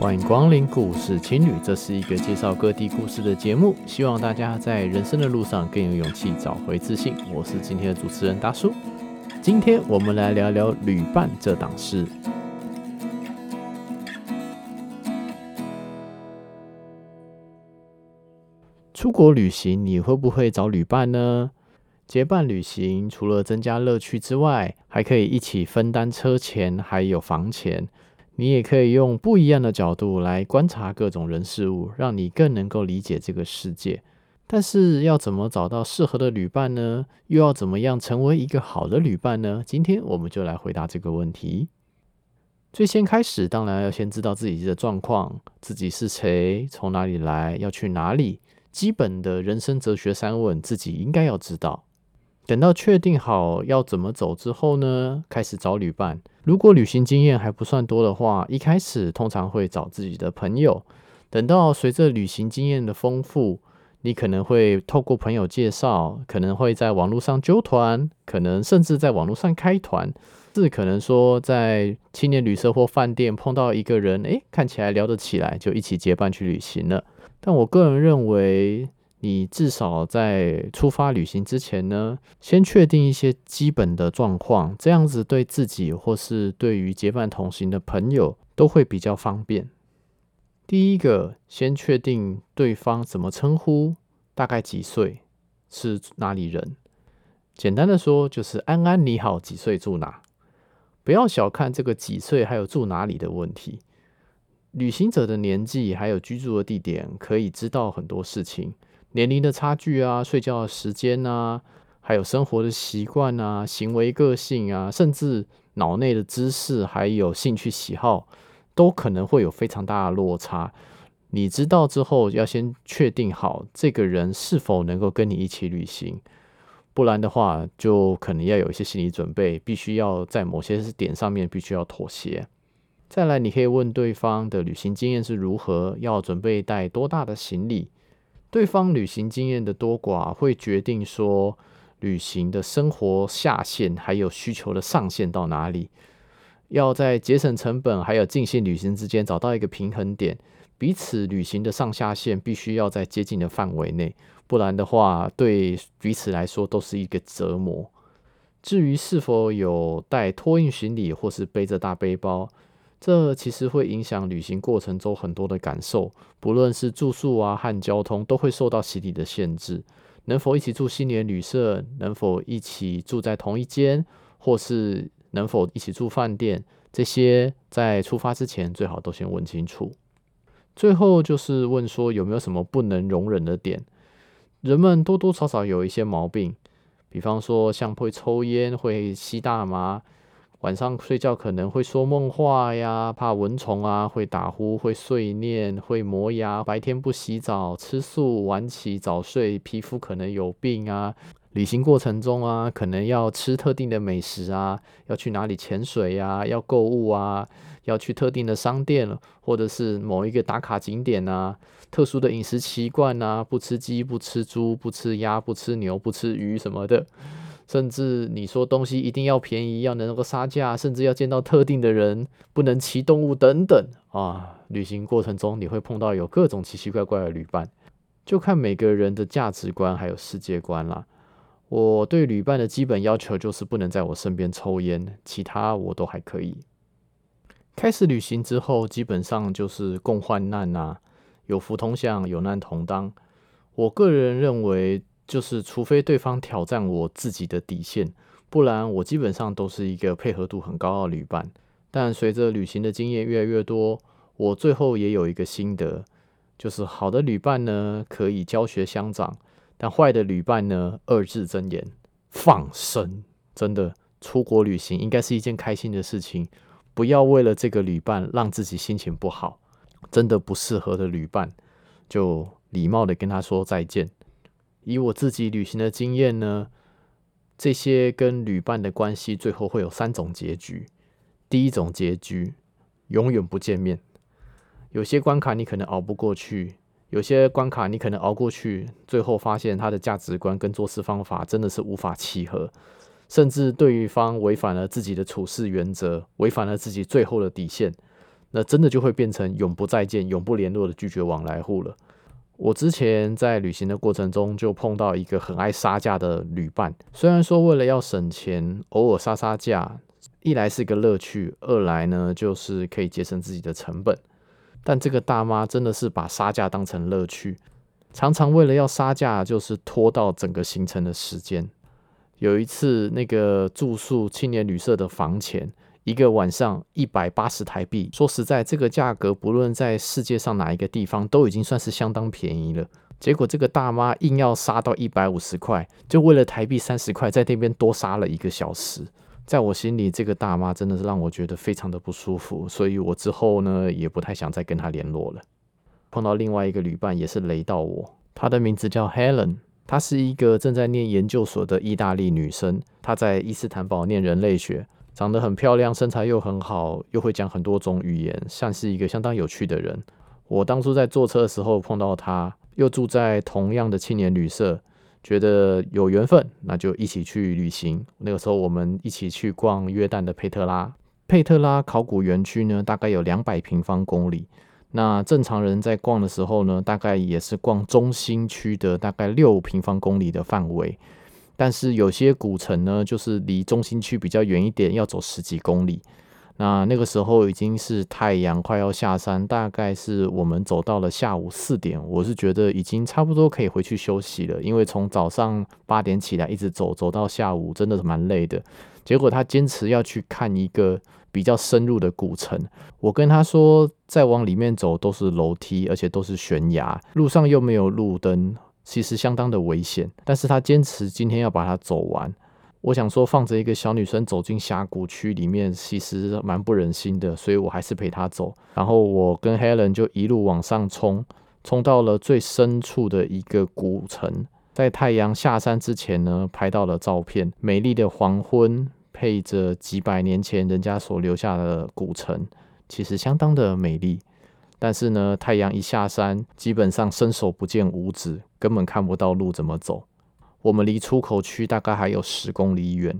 歡迎光臨《故事青旅》，這是一個介紹各地故事的節目。希望大家在人生的路上更有勇氣，找回自信。我是今天的主持人大叔。今天我們來聊聊旅伴這檔事。出國旅行，你會不會找旅伴呢？結伴旅行除了增加樂趣之外，還可以一起分擔車錢，還有房錢。你也可以用不一樣的角度來觀察各種人事物，讓你更能夠理解這個世界。但是，要怎麼找到適合的旅伴呢？又要怎麼樣成為一個好的旅伴呢？今天我們就來回答這個問題。最先開始，當然要先知道自己的狀況，自己是誰，從哪裡來，要去哪裡。基本的人生哲學三問，自己應該要知道。等到確定好要怎麼走之後呢，開始找旅伴。如果旅行經驗還不算多的話，一開始通常會找自己的朋友。等到隨着旅行經驗的豐富，你可能會透過朋友介紹，可能會在網絡上揪團，可能甚至在網絡上開團，甚至可能說在青年旅社或飯店碰到一個人，誒、欸，看起來聊得起來，就一起結伴去旅行了。但我個人認為。你至少在出發旅行之前呢，先確定一些基本的狀況，這樣子對自己或是對於結伴同行的朋友都會比較方便。第一個，先確定對方怎麼稱呼，大概幾歲，是哪裡人。簡單的說，就是安安你好，幾歲住哪？不要小看這個幾歲還有住哪裡的問題，旅行者的年紀還有居住的地點，可以知道很多事情。年齡的差距啊，睡覺的時間啊，還有生活的習慣啊，行為個性啊，甚至腦內的知識，還有興趣喜好，都可能會有非常大的落差。你知道之後，要先確定好這個人是否能夠跟你一起旅行，不然的話，就可能要有一些心理準備，必須要在某些點上面必須要妥協。再來，你可以問對方的旅行經驗是如何，要準備帶多大的行李。對方旅行經驗的多寡，會決定說旅行的生活下限，還有需求的上限到哪裡。要在節省成本，還有盡興旅行之間找到一個平衡點。彼此旅行的上下限必須要在接近的範圍內，不然的話，對彼此來說都是一個折磨。至於是否有帶託運行李，或是背着大背包，這其實會影響旅行過程中很多的感受，不論是住宿啊和交通，都會受到行李的限制。能否一起住青年旅舍？能否一起住在同一間？或是能否一起住飯店？這些在出發之前最好都先問清楚。最後就是問說有沒有什麼不能容忍的點？人們多多少少有一些毛病，比方說像會抽煙、會吸大麻。晚上睡覺可能會說夢話呀，怕蚊蟲啊，會打呼，會碎念，會磨牙。白天不洗澡，吃素，晚起早睡，皮膚可能有病啊。旅行過程中啊，可能要吃特定的美食啊，要去哪裡潛水呀、啊，要購物啊，要去特定的商店，或者是某一個打卡景點啊，特殊的飲食習慣啊，不吃雞，不吃豬，不吃鴨，不吃牛，不吃魚什麼的。甚至你說東西一定要便宜，要能夠殺價，甚至要見到特定的人，不能騎動物等等啊。旅行過程中你會碰到有各種奇奇怪怪的旅伴，就看每個人的價值觀還有世界觀啦。我對旅伴的基本要求就是不能在我身邊抽煙，其他我都還可以。開始旅行之後，基本上就是共患難啊，有福同享，有難同當。我個人認為。就是除非對方挑戰我自己的底線，不然我基本上都是一個配合度很高的旅伴。但隨着旅行的經驗越來越多，我最後也有一個心得，就是好的旅伴呢，可以教學相長，但壞的旅伴呢，二字真言，放生。真的，出國旅行應該是一件開心的事情，不要為了這個旅伴讓自己心情不好。真的不適合的旅伴，就禮貌的跟他說再見。以我自己旅行的經驗呢，這些跟旅伴的關係最後會有三種結局。第一種結局，永遠不見面。有些關卡你可能熬不過去，有些關卡你可能熬過去，最後發現他的價值觀跟做事方法真的是無法契合，甚至對方違反了自己的處事原則，違反了自己最後的底線，那真的就會變成永不再見、永不聯絡的拒絕往來戶了。我之前在旅行的過程中就碰到一個很愛殺價的旅伴，雖然說為了要省錢，偶爾殺殺價，一來是個樂趣，二來呢就是可以節省自己的成本。但這個大媽真的是把殺價當成樂趣，常常為了要殺價就是拖到整個行程的時間。有一次那個住宿青年旅社的房錢。一個晚上一百八十台幣，說實在，這個價格不論在世界上哪一個地方都已經算是相當便宜了。結果這個大媽硬要殺到一百五十塊，就為了台幣三十塊，在那邊多殺了一個小時。在我心裡，這個大媽真的是讓我覺得非常的不舒服，所以我之後呢也不太想再跟她聯絡了。碰到另外一個旅伴也是雷到我，她的名字叫 Helen，她是一個正在念研究所的意大利女生，她在伊斯坦堡念人類學。長得很漂亮，身材又很好，又會講很多種語言，像是一個相當有趣的人。我當初在坐車的時候碰到他，又住在同樣的青年旅舍，覺得有緣分，那就一起去旅行。那個時候我們一起去逛約旦的佩特拉，佩特拉考古園區呢，大概有兩百平方公里。那正常人在逛的時候呢，大概也是逛中心區的大概六平方公里的範圍。但是有些古城呢，就是離中心區比較遠一點，要走十幾公里。那那個時候已經是太陽快要下山，大概是我們走到了下午四點，我是覺得已經差不多可以回去休息了，因為從早上八點起來一直走，走到下午真的是蠻累的。結果他堅持要去看一個比較深入的古城，我跟他說，再往裡面走都是樓梯，而且都是懸崖，路上又沒有路燈。其實相當的危險，但是他堅持今天要把它走完。我想說，放着一個小女生走進峽谷區裡面，其實蠻不忍心的，所以我還是陪她走。然後我跟 Helen 就一路往上衝，衝到了最深處的一個古城，在太陽下山之前呢，拍到了照片，美麗的黃昏配着幾百年前人家所留下的古城，其實相當的美麗。但是呢，太陽一下山，基本上伸手不見五指。根本看不到路怎麼走。我們離出口區大概還有十公里遠，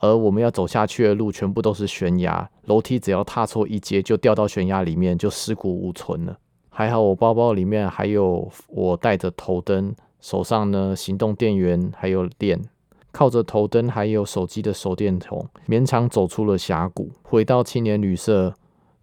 而我們要走下去的路全部都是懸崖，樓梯只要踏錯一階就掉到懸崖裡面，就屍骨無存了。還好我包包裡面還有我帶着頭燈，手上呢，行動電源還有電，靠着頭燈還有手機的手電筒，勉強走出了峽谷，回到青年旅社，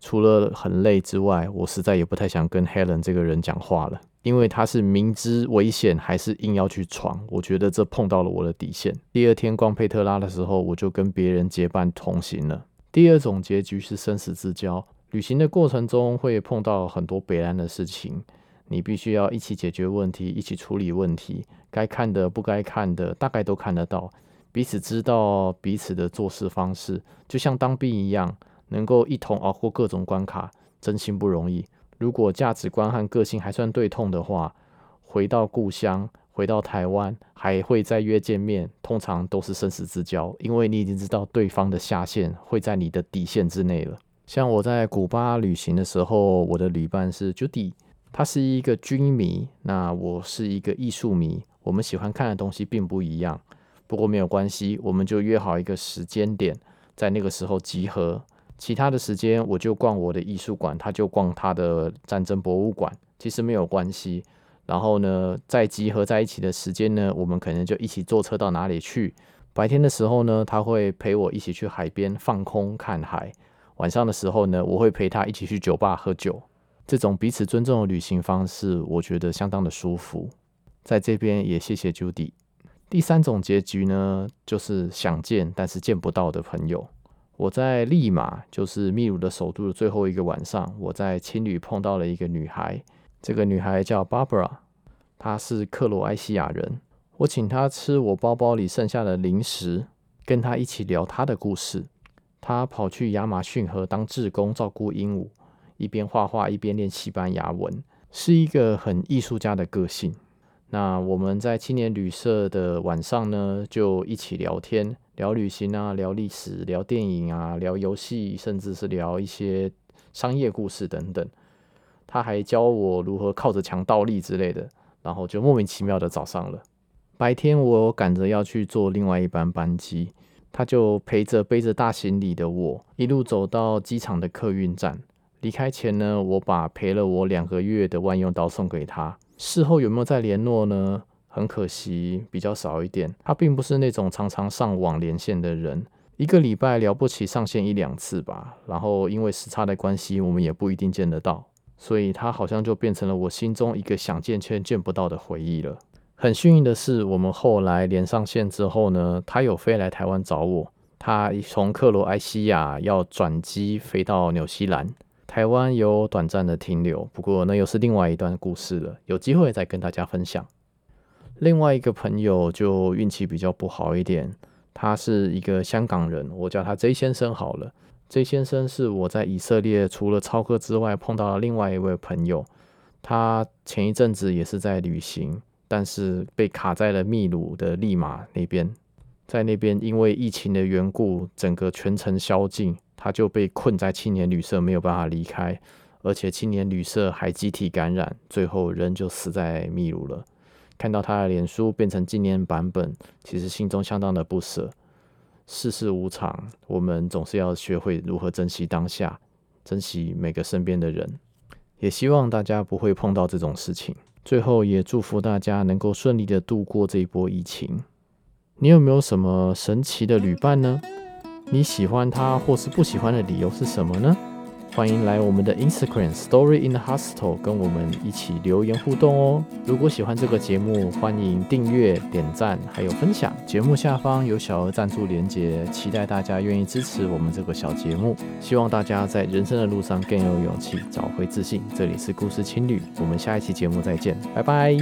除了很累之外，我實在也不太想跟 Helen 這個人講話了。因為他是明知危險還是硬要去闖，我覺得這碰到了我的底線。第二天逛佩特拉的時候，我就跟別人結伴同行了。第二種結局是生死之交，旅行的過程中會碰到很多北蘭的事情，你必須要一起解決問題，一起處理問題。該看的不該看的，大概都看得到，彼此知道彼此的做事方式，就像當兵一樣，能夠一同熬過各種關卡，真心不容易。如果價值觀和個性還算對痛的話，回到故鄉，回到台灣，還會再約見面。通常都是生死之交，因為你已經知道對方的下限會在你的底線之內了。像我在古巴旅行的時候，我的旅伴是 Judy，他是一個軍迷，那我是一個藝術迷，我們喜歡看的東西並不一樣。不過沒有關係，我們就約好一個時間點，在那個時候集合。其他的時間我就逛我的藝術館，他就逛他的戰爭博物館，其實沒有關係。然後呢，再集合在一起的時間呢，我們可能就一起坐車到哪裡去。白天的時候呢，他會陪我一起去海邊放空看海；晚上的時候呢，我會陪他一起去酒吧喝酒。這種彼此尊重的旅行方式，我覺得相當的舒服。在這邊也謝謝 Judy。第三種結局呢，就是想見但是見不到的朋友。我在利馬，就是秘魯的首都的最後一個晚上，我在青旅碰到了一個女孩，這個女孩叫 Barbara，她是克羅埃西亞人。我請她吃我包包裡剩下的零食，跟她一起聊她的故事。她跑去亞馬遜河當志工，照顧鸚鵡，一邊畫畫一邊練西班牙文，是一個很藝術家的個性。那我們在青年旅社的晚上呢，就一起聊天。聊旅行啊，聊歷史，聊電影啊，聊遊戲，甚至是聊一些商業故事等等。他還教我如何靠着牆倒立之類的，然後就莫名其妙的早上了。白天我趕着要去坐另外一班班機，他就陪着背着大行李的我，一路走到機場的客運站。離開前呢，我把陪了我兩個月的萬用刀送給他。事後有沒有再聯絡呢？很可惜，比較少一點。他並不是那種常常上網連線的人，一個禮拜了不起上線一兩次吧。然後因為時差的關係，我們也不一定見得到，所以他好像就變成了我心中一個想見卻見不到的回憶了。很幸運的是，我們後來連上線之後呢，他有飛來台灣找我。他從克羅埃西亞要轉機飛到紐西蘭，台灣有短暫的停留，不過那又是另外一段故事了，有機會再跟大家分享。另外一個朋友就運氣比較不好一點，他是一個香港人，我叫他 J 先生好了。J 先生是我在以色列除了超哥之外碰到的另外一位朋友，他前一陣子也是在旅行，但是被卡在了秘魯的利馬那邊，在那邊因為疫情的緣故，整個全城宵禁，他就被困在青年旅社沒有辦法離開，而且青年旅社還集體感染，最後人就死在秘魯了。看到他的臉書變成紀念版本，其實心中相當的不捨。世事無常，我們總是要學會如何珍惜當下，珍惜每個身邊的人。也希望大家不會碰到這種事情。最後，也祝福大家能夠順利的度過這一波疫情。你有沒有什麼神奇的旅伴呢？你喜歡他或是不喜歡的理由是什麼呢？歡迎來我們的 Instagram Story in the Hostel，跟我們一起留言互動哦。如果喜歡這個節目，歡迎訂閱、點讚，還有分享。節目下方有小額贊助鏈接，期待大家願意支持我們這個小節目。希望大家在人生的路上更有勇氣，找回自信。這裡是故事青旅，我們下一期節目再見，拜拜。